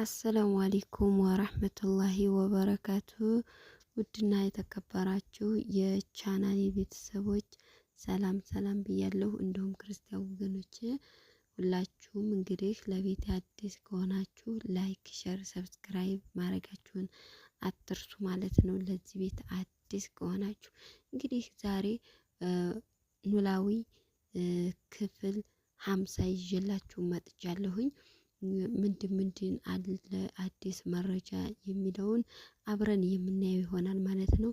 አሰላሙ አሌይኩም ወራህመቱላሂ ወበረካቱ። ውድና የተከበራችሁ የቻናሌ ቤተሰቦች ሰላም ሰላም ብያለሁ። እንዲሁም ክርስቲያን ወገኖች ሁላችሁም እንግዲህ ለቤት አዲስ ከሆናችሁ ላይክ፣ ሸር፣ ሰብስክራይብ ማድረጋችሁን አትርሱ ማለት ነው። ለዚህ ቤት አዲስ ከሆናችሁ እንግዲህ ዛሬ ኖላዊ ክፍል ሀምሳ ይዤላችሁ መጥቻለሁኝ። ምንድን ምንድን አለ አዲስ መረጃ የሚለውን አብረን የምናየው ይሆናል ማለት ነው።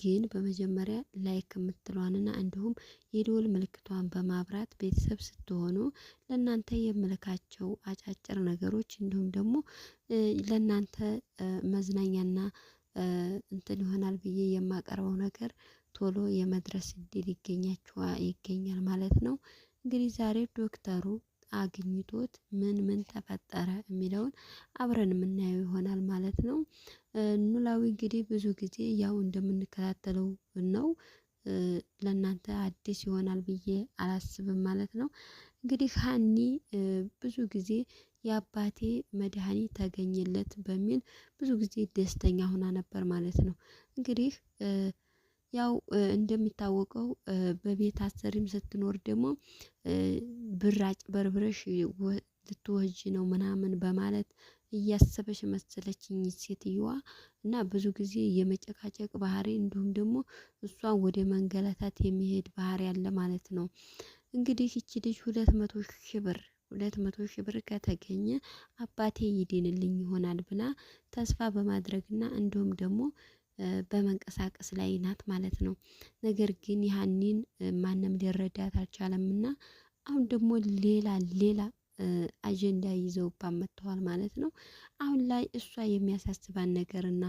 ግን በመጀመሪያ ላይክ የምትለዋንና እንዲሁም የደወል ምልክቷን በማብራት ቤተሰብ ስትሆኑ ለእናንተ የምልካቸው አጫጭር ነገሮች እንዲሁም ደግሞ ለእናንተ መዝናኛና እንትን ይሆናል ብዬ የማቀርበው ነገር ቶሎ የመድረስ እድል ይገኛችኋ ይገኛል ማለት ነው። እንግዲህ ዛሬ ዶክተሩ አግኝቶት ምን ምን ተፈጠረ የሚለውን አብረን የምናየው ይሆናል ማለት ነው። ኖላዊ እንግዲህ ብዙ ጊዜ ያው እንደምንከታተለው ነው ለእናንተ አዲስ ይሆናል ብዬ አላስብም ማለት ነው። እንግዲህ ሀኒ ብዙ ጊዜ የአባቴ መድኃኒት ተገኘለት በሚል ብዙ ጊዜ ደስተኛ ሆና ነበር ማለት ነው። እንግዲህ ያው እንደሚታወቀው በቤት አሰሪም ስትኖር ደግሞ ብር አጭበርብረሽ ልትወጂ ነው ምናምን በማለት እያሰበሽ መሰለችኝ ሴትየዋ እና ብዙ ጊዜ የመጨቃጨቅ ባህሪ እንዲሁም ደግሞ እሷ ወደ መንገላታት የሚሄድ ባህሪ አለ ማለት ነው። እንግዲህ ይቺ ልጅ ሁለት መቶ ሺህ ብር ሁለት መቶ ሺህ ብር ከተገኘ አባቴ ይድንልኝ ይሆናል ብላ ተስፋ በማድረግና እንዲሁም ደግሞ በመንቀሳቀስ ላይ ናት ማለት ነው። ነገር ግን ያህኒን ማንም ሊረዳት አልቻለም እና አሁን ደግሞ ሌላ ሌላ አጀንዳ ይዘውባት መጥተዋል ማለት ነው። አሁን ላይ እሷ የሚያሳስባን ነገር እና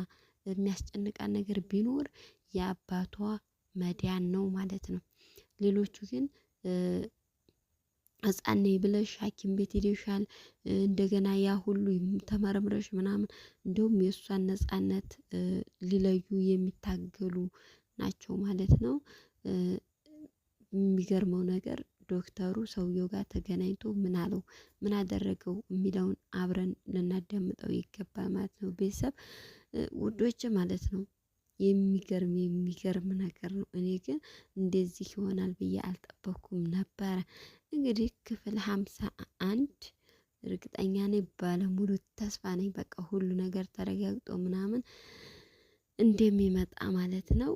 የሚያስጨንቃን ነገር ቢኖር የአባቷ መዳን ነው ማለት ነው። ሌሎቹ ግን ህጻን ብለሽ ሐኪም ቤት ሄደሻል። እንደገና ያ ሁሉ ተመረምረሽ ምናምን እንደውም የእሷን ነጻነት ሊለዩ የሚታገሉ ናቸው ማለት ነው። የሚገርመው ነገር ዶክተሩ ሰውየው ጋር ተገናኝቶ ምን አለው ምን አደረገው የሚለውን አብረን ልናዳምጠው ይገባል ማለት ነው። ቤተሰብ ውዶች ማለት ነው። የሚገርም የሚገርም ነገር ነው። እኔ ግን እንደዚህ ይሆናል ብዬ አልጠበኩም ነበረ። እንግዲህ ክፍል ሀምሳ አንድ እርግጠኛ ነኝ፣ ባለሙሉ ተስፋ ነኝ። በቃ ሁሉ ነገር ተረጋግጦ ምናምን እንደሚመጣ ማለት ነው።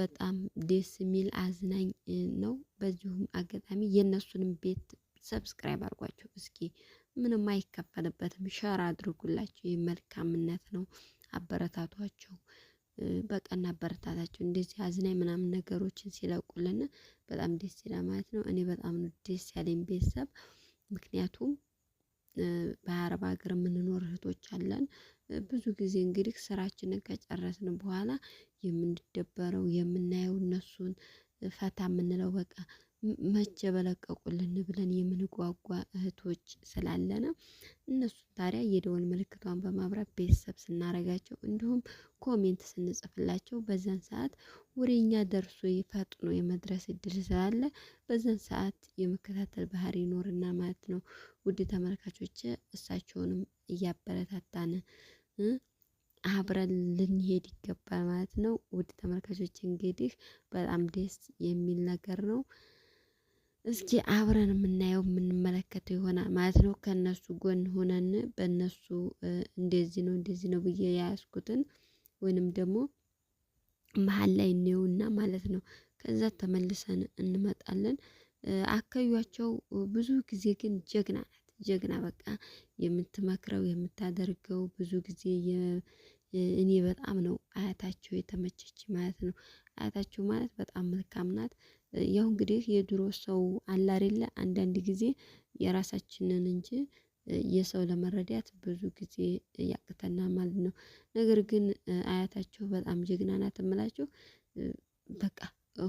በጣም ደስ የሚል አዝናኝ ነው። በዚሁም አጋጣሚ የእነሱንም ቤት ሰብስክራይብ አድርጓቸው እስኪ ምንም አይከፈልበትም። ሸር አድርጉላቸው። የመልካምነት ነው። አበረታቷቸው። በቃ እናበረታታቸው። እንደዚህ አዝናኝ ምናምን ነገሮችን ሲለቁልን በጣም ደስ ይላል ማለት ነው። እኔ በጣም ነው ደስ ያለኝ ቤተሰብ፣ ምክንያቱም በአረብ ሀገር የምንኖር እህቶች አለን። ብዙ ጊዜ እንግዲህ ስራችንን ከጨረስን በኋላ የምንደበረው የምናየው እነሱን ፈታ የምንለው በቃ መቼ በለቀቁልን ብለን የምንጓጓ እህቶች ስላለነ እነሱን ታዲያ የደወል ምልክቷን በማብራት ቤተሰብ ስናረጋቸው እንዲሁም ኮሜንት ስንጽፍላቸው በዛን ሰዓት ወደኛ ደርሶ ፈጥኖ የመድረስ እድል ስላለ በዛን ሰዓት የመከታተል ባህሪ ይኖርና ማለት ነው። ውድ ተመልካቾች እሳቸውንም እያበረታታን አብረን ልንሄድ ይገባል ማለት ነው። ውድ ተመልካቾች እንግዲህ በጣም ደስ የሚል ነገር ነው። እስኪ አብረን የምናየው የምንመለከተው ይሆናል ማለት ነው። ከእነሱ ጎን ሆነን በእነሱ እንደዚህ ነው እንደዚህ ነው ብዬ የያዝኩትን ወይንም ደግሞ መሀል ላይ እንየውና ማለት ነው። ከዛ ተመልሰን እንመጣለን። አካባቢያቸው ብዙ ጊዜ ግን ጀግና ናት። ጀግና በቃ የምትመክረው የምታደርገው ብዙ ጊዜ እኔ በጣም ነው አያታቸው የተመቸች ማለት ነው። አያታቸው ማለት በጣም መልካም ናት። ያው እንግዲህ የድሮ ሰው አላሪለ አንዳንድ ጊዜ የራሳችንን እንጂ የሰው ለመረዳት ብዙ ጊዜ ያቅተና ማለት ነው። ነገር ግን አያታችሁ በጣም ጀግና ናት እምላችሁ በቃ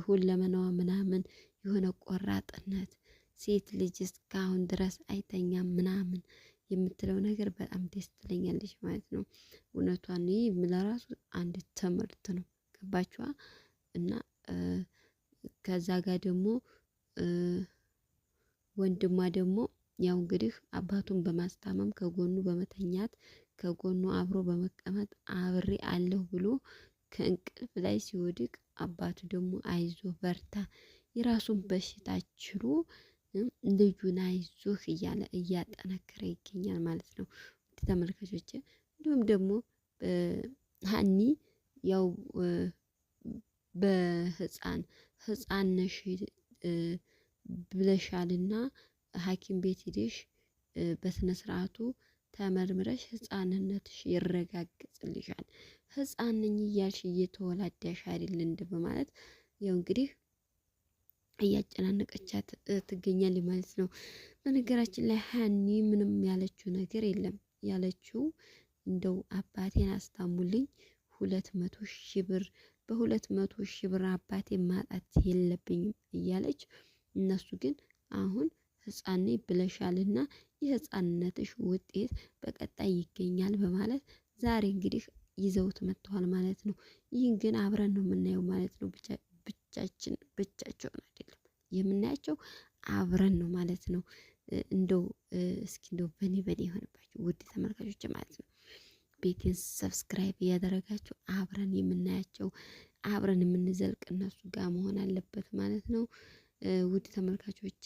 ሁለመናዋ ምናምን የሆነ ቆራጥነት ሴት ልጅ እስካሁን ድረስ አይተኛም ምናምን የምትለው ነገር በጣም ደስ ትለኛለች ማለት ነው። እውነቷን ይህ ለራሱ አንድ ትምህርት ነው። ገባችኋ? እና ከዛ ጋር ደግሞ ወንድሟ ደግሞ ያው እንግዲህ አባቱን በማስታመም ከጎኑ በመተኛት ከጎኑ አብሮ በመቀመጥ አብሬ አለሁ ብሎ ከእንቅልፍ ላይ ሲወድቅ አባቱ ደግሞ አይዞ በርታ የራሱን በሽታ ችሎ ልጁን አይዞህ እያለ እያጠናከረ ይገኛል ማለት ነው። ውድ ተመልካቾች እንዲሁም ደግሞ ሀኒ ያው በህፃን ህፃን ነሽ ብለሻልና ሐኪም ቤት ሂደሽ በስነ ስርዓቱ ተመርምረሽ ህፃንነትሽ ይረጋግጥልሻል። ህፃን ነኝ እያልሽ እየተወላዳሽ አይደል እንደ በማለት ያው እንግዲህ እያጨናነቀቻት ትገኛል ማለት ነው። በነገራችን ላይ ሀኒ ምንም ያለችው ነገር የለም። ያለችው እንደው አባቴን አስታሙልኝ ሁለት መቶ ሺህ ብር በሁለት መቶ ሺህ ብር አባቴ ማጣት የለብኝም እያለች እነሱ ግን አሁን ህፃኔ ብለሻልና የህፃንነትሽ ውጤት በቀጣይ ይገኛል በማለት ዛሬ እንግዲህ ይዘውት መጥተዋል ማለት ነው። ይህን ግን አብረን ነው የምናየው ማለት ነው። ብቻችን ብቻቸው የምናያቸው አብረን ነው ማለት ነው። እንደው እስኪ እንደው በኔ በኔ የሆነባችሁ ውድ ተመልካቾች ማለት ነው ቤቴን ሰብስክራይብ እያደረጋችሁ አብረን የምናያቸው አብረን የምንዘልቅ እነሱ ጋር መሆን አለበት ማለት ነው። ውድ ተመልካቾች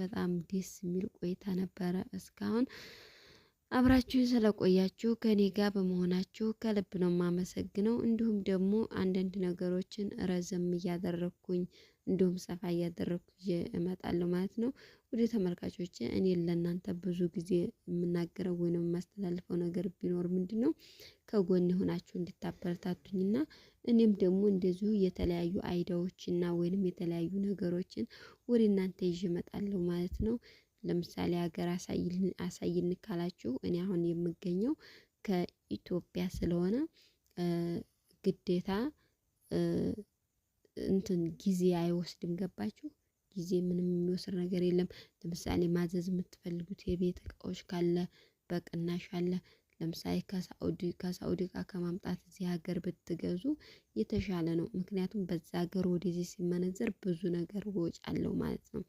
በጣም ደስ የሚል ቆይታ ነበረ። እስካሁን አብራችሁን ስለቆያችሁ ከኔ ጋር በመሆናችሁ ከልብ ነው የማመሰግነው። እንዲሁም ደግሞ አንዳንድ ነገሮችን ረዘም እያደረግኩኝ እንዲሁም ሰፋ እያደረግኩ ይዤ እመጣለሁ ማለት ነው። ወደ ተመልካቾች እኔ ለእናንተ ብዙ ጊዜ የምናገረው ወይም የማስተላልፈው ነገር ቢኖር ምንድን ነው ከጎን የሆናችሁ እንድታበረታቱኝና እኔም ደግሞ እንደዚሁ የተለያዩ አይዳዎችና ወይንም የተለያዩ ነገሮችን ወደ እናንተ ይዤ እመጣለሁ ማለት ነው። ለምሳሌ ሀገር አሳይን ካላችሁ እኔ አሁን የምገኘው ከኢትዮጵያ ስለሆነ ግዴታ እንትን ጊዜ አይወስድም። ገባችሁ? ጊዜ ምንም የሚወስድ ነገር የለም። ለምሳሌ ማዘዝ የምትፈልጉት የቤት እቃዎች ካለ በቅናሽ አለ። ለምሳሌ ከሳኡዲ ከሳኡዲ እቃ ከማምጣት እዚህ ሀገር ብትገዙ የተሻለ ነው። ምክንያቱም በዛ ሀገር ወደዚህ ሲመነዘር ብዙ ነገር ወጭ አለው ማለት ነው።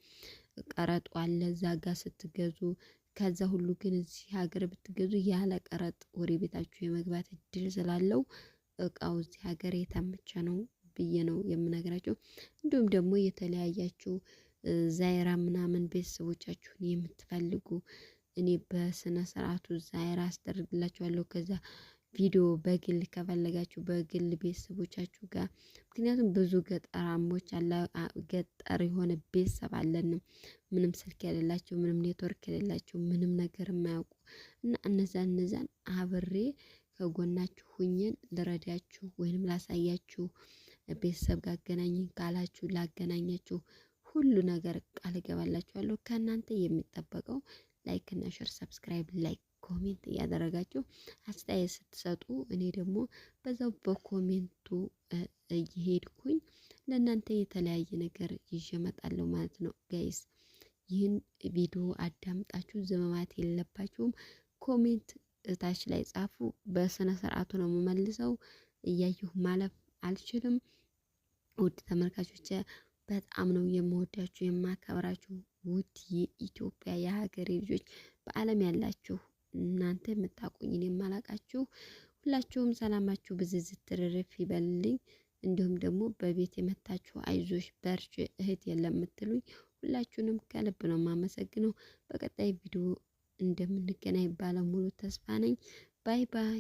ቀረጡ አለ እዛ ጋር ስትገዙ። ከዛ ሁሉ ግን እዚህ ሀገር ብትገዙ ያለ ቀረጥ ወደ ቤታችሁ የመግባት እድል ስላለው እቃው እዚህ ሀገር የታመቸ ነው። ብዬ ነው የምነግራቸው። እንዲሁም ደግሞ የተለያያችሁ ዛይራ ምናምን ቤተሰቦቻችሁን የምትፈልጉ እኔ በስነ ስርዓቱ ዛይራ አስደርግላችኋለሁ። ከዛ ቪዲዮ በግል ከፈለጋችሁ በግል ቤተሰቦቻችሁ ጋር ምክንያቱም ብዙ ገጠራሞች ገጠር የሆነ ቤተሰብ አለንም። ምንም ስልክ የሌላቸው ምንም ኔትወርክ የሌላቸው ምንም ነገር የማያውቁ እና እነዛን እነዛን አብሬ ከጎናችሁ ሁኜን ልረዳችሁ ወይንም ላሳያችሁ ቤተሰብ ጋር አገናኝ ካላችሁ ላገናኛችሁ ሁሉ ነገር ቃል እገባላችኋለሁ። ከእናንተ የሚጠበቀው ላይክ እና ሸር፣ ሰብስክራይብ፣ ላይክ ኮሜንት እያደረጋችሁ አስተያየት ስትሰጡ እኔ ደግሞ በዛው በኮሜንቱ እየሄድኩኝ ለእናንተ የተለያየ ነገር ይዤ እመጣለሁ ማለት ነው ጋይስ። ይህን ቪዲዮ አዳምጣችሁ ዘመማት የለባችሁም። ኮሜንት እታች ላይ ጻፉ። በስነ ስርዓቱ ነው የምመልሰው። እያየሁ ማለፍ አልችልም። ውድ ተመልካቾች በጣም ነው የምወዳችሁ የማከብራችሁ። ውድ የኢትዮጵያ የሀገሬ ልጆች በዓለም ያላችሁ እናንተ የምታቆኝን የማላቃችሁ ሁላችሁም ሰላማችሁ ብዝዝት ትርርፍ ይበልልኝ። እንዲሁም ደግሞ በቤት የመታችሁ አይዞሽ በርች እህት የለም የምትሉኝ ሁላችሁንም ከልብ ነው የማመሰግነው። በቀጣይ ቪዲዮ እንደምንገናኝ ባለሙሉ ተስፋ ነኝ። ባይ ባይ።